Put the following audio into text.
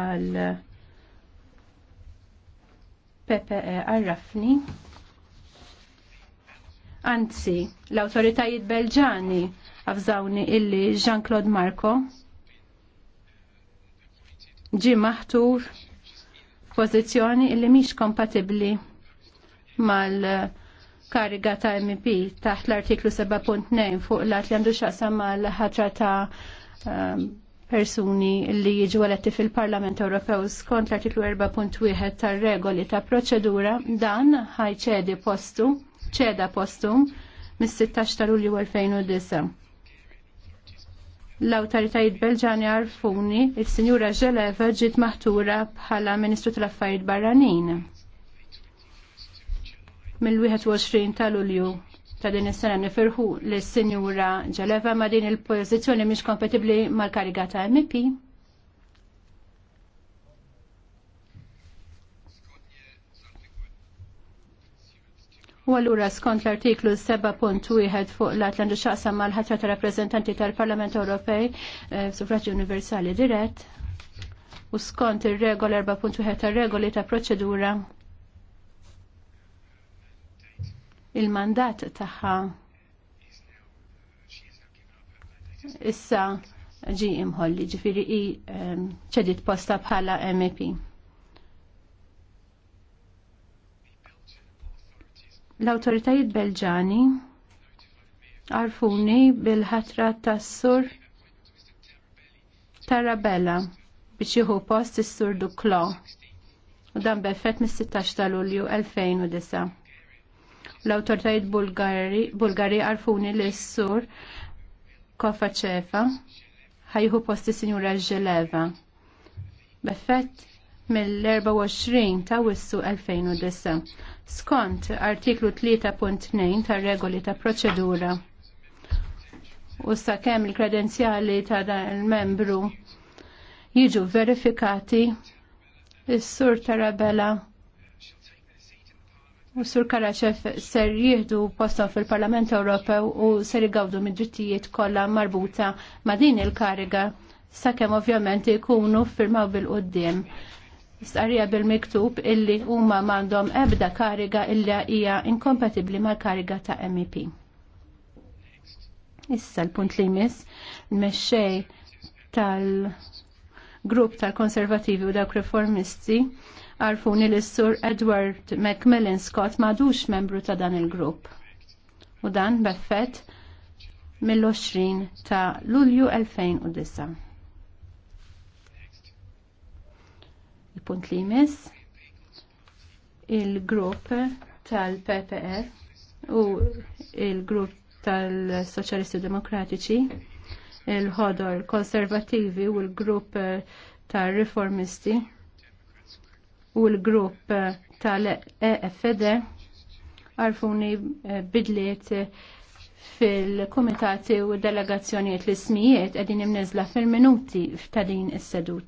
għal PPE għarrafni. Anzi, l-autoritajiet belġani għafżawni illi Jean-Claude Marco ġi maħtur pozizjoni illi miex kompatibli mal-kariga ta' MP taħt l-artiklu 7.9 fuq l-għat li għandu xaqsa mal-ħatra ta' ehm, persuni li jiġu eletti fil-Parlament Ewropew skont l-artiklu 4.1 tar-regoli ta' proċedura dan ħajċedi postu, ċeda postu mis-16 ta' Lulju 2009. L-awtoritajiet Belġani għarfuni il-Sinjura Ġeleva ġiet maħtura bħala Ministru tal-Affarijiet Barranin mill-21 ta' Lulju ta' din is-sena nifirħu lis sinjura Ġeleva ma' din il-pożizzjoni mhix kompatibbli mal-kariga ta' MP. U allura skont l-artiklu 7.1 fuq l-Atlantu xaqsam mal-ħatra ta' rappreżentanti tal-Parlament Ewropej eh, suffraġġi universali dirett u skont ir-regola 4.1 tar regoli ta' proċedura il-mandat tagħha issa ġi imħolli ġifiri i ċedit posta bħala MEP. L-autoritajiet belġani għarfuni bil-ħatra tas-sur Tarabella biex jieħu post is-sur Duklo u dan beffet mis-16 ta' Lulju 2009. L-autoritajiet Bulgari, għarfuni li s-sur Kofa ċefa ħajħu posti Sinjura Ġeleva. Beffett mill-24 ta' wissu 2009. Skont artiklu 3.2 ta' regoli ta' proċedura. U sa' il-kredenzjali ta' dan il-membru jiġu verifikati, is-sur Tarabella Sur Karaċef ser jieħdu posta fil-Parlament Ewropew u ser jgawdu mid-drittijiet kollha marbuta ma' din il-kariga sakemm ovvjament ikunu firmaw bil-qoddim starija bil-miktub illi huma m'għandhom ebda kariga illi hija inkompatibbli mal-kariga ta' MEP. Issa l-punt li jmiss mexxej tal-grupp tal-konservativi u dawk reformisti Arfuni li sur Edward Macmillan Scott madux membru ta' dan il-grupp. U dan beffet mill-20 ta' Lulju 2009. Il-punt li jmiss il-grupp tal-PPR u il-grupp tal-Soċjalisti Demokratiċi il-ħodor konservativi u l-grupp tal-Reformisti u l-grupp tal-EFD għarfuni eh, bidliet eh, fil-komitati u delegazzjonijiet l-ismijiet għedin imnezla fil-minuti f'tadin is-sedut.